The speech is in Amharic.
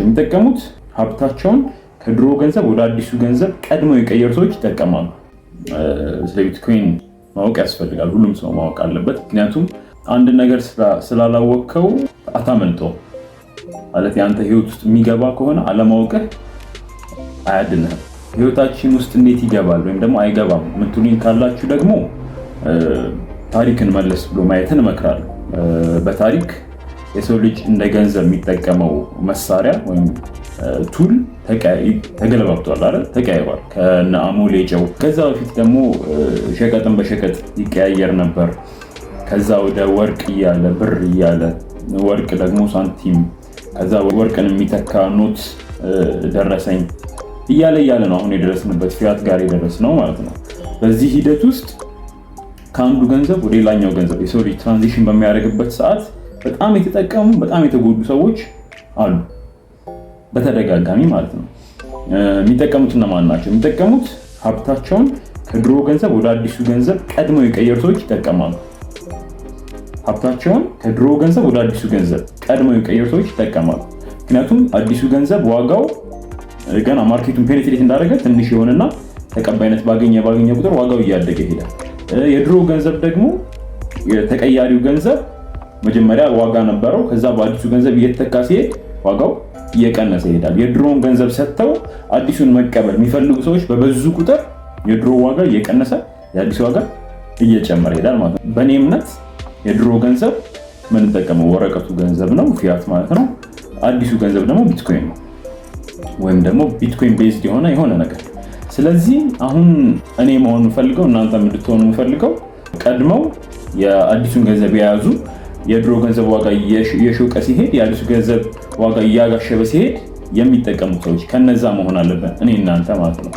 የሚጠቀሙት ሀብታቸውን ከድሮ ገንዘብ ወደ አዲሱ ገንዘብ ቀድመው የቀየሩ ሰዎች ይጠቀማሉ። ስለ ቢትኮይን ማወቅ ያስፈልጋል። ሁሉም ሰው ማወቅ አለበት። ምክንያቱም አንድ ነገር ስላላወቅከው አታመልጠው ማለት የአንተ ህይወት ውስጥ የሚገባ ከሆነ አለማወቅህ አያድንህም። ህይወታችን ውስጥ እንዴት ይገባል ወይም ደግሞ አይገባም ምትሉኝ ካላችሁ ደግሞ ታሪክን መለስ ብሎ ማየትን እመክራለሁ በታሪክ የሰው ልጅ እንደ ገንዘብ የሚጠቀመው መሳሪያ ወይም ቱል ተገለባብቷል አይደል? ተቀያይሯል ከነ አሞሌ ጨው። ከዛ በፊት ደግሞ ሸቀጥን በሸቀጥ ይቀያየር ነበር። ከዛ ወደ ወርቅ እያለ ብር እያለ ወርቅ ደግሞ ሳንቲም፣ ከዛ ወርቅን የሚተካ ኖት ደረሰኝ እያለ እያለ ነው አሁን የደረስንበት ፊያት ጋር የደረስ ነው ማለት ነው። በዚህ ሂደት ውስጥ ከአንዱ ገንዘብ ወደ ሌላኛው ገንዘብ የሰው ልጅ ትራንዚሽን በሚያደርግበት ሰዓት በጣም የተጠቀሙ በጣም የተጎዱ ሰዎች አሉ፣ በተደጋጋሚ ማለት ነው። የሚጠቀሙት እነማን ናቸው? የሚጠቀሙት ሀብታቸውን ከድሮ ገንዘብ ወደ አዲሱ ገንዘብ ቀድመው የቀየሩ ሰዎች ይጠቀማሉ። ሀብታቸውን ከድሮ ገንዘብ ወደ አዲሱ ገንዘብ ቀድመው የቀየሩ ሰዎች ይጠቀማሉ። ምክንያቱም አዲሱ ገንዘብ ዋጋው ገና ማርኬቱን ፔኔትሬት እንዳደረገ ትንሽ የሆነና ተቀባይነት ባገኘ ባገኘ ቁጥር ዋጋው እያደገ ይሄዳል። የድሮ ገንዘብ ደግሞ ተቀያሪው ገንዘብ መጀመሪያ ዋጋ ነበረው። ከዛ በአዲሱ ገንዘብ እየተተካ ሲሄድ ዋጋው እየቀነሰ ይሄዳል። የድሮውን ገንዘብ ሰጥተው አዲሱን መቀበል የሚፈልጉ ሰዎች በበዙ ቁጥር የድሮ ዋጋ እየቀነሰ የአዲሱ ዋጋ እየጨመረ ይሄዳል ማለት ነው። በእኔ እምነት የድሮ ገንዘብ ምንጠቀመው ወረቀቱ ገንዘብ ነው፣ ፊያት ማለት ነው። አዲሱ ገንዘብ ደግሞ ቢትኮይን ነው፣ ወይም ደግሞ ቢትኮይን ቤዝድ የሆነ የሆነ ነገር። ስለዚህ አሁን እኔ መሆን የምፈልገው እናንተ እንድትሆኑ የምፈልገው ቀድመው የአዲሱን ገንዘብ የያዙ የድሮ ገንዘብ ዋጋ እየሾቀ ሲሄድ የአዲሱ ገንዘብ ዋጋ እያጋሸበ ሲሄድ የሚጠቀሙ ሰዎች ከነዛ መሆን አለብን እኔ እናንተ ማለት ነው።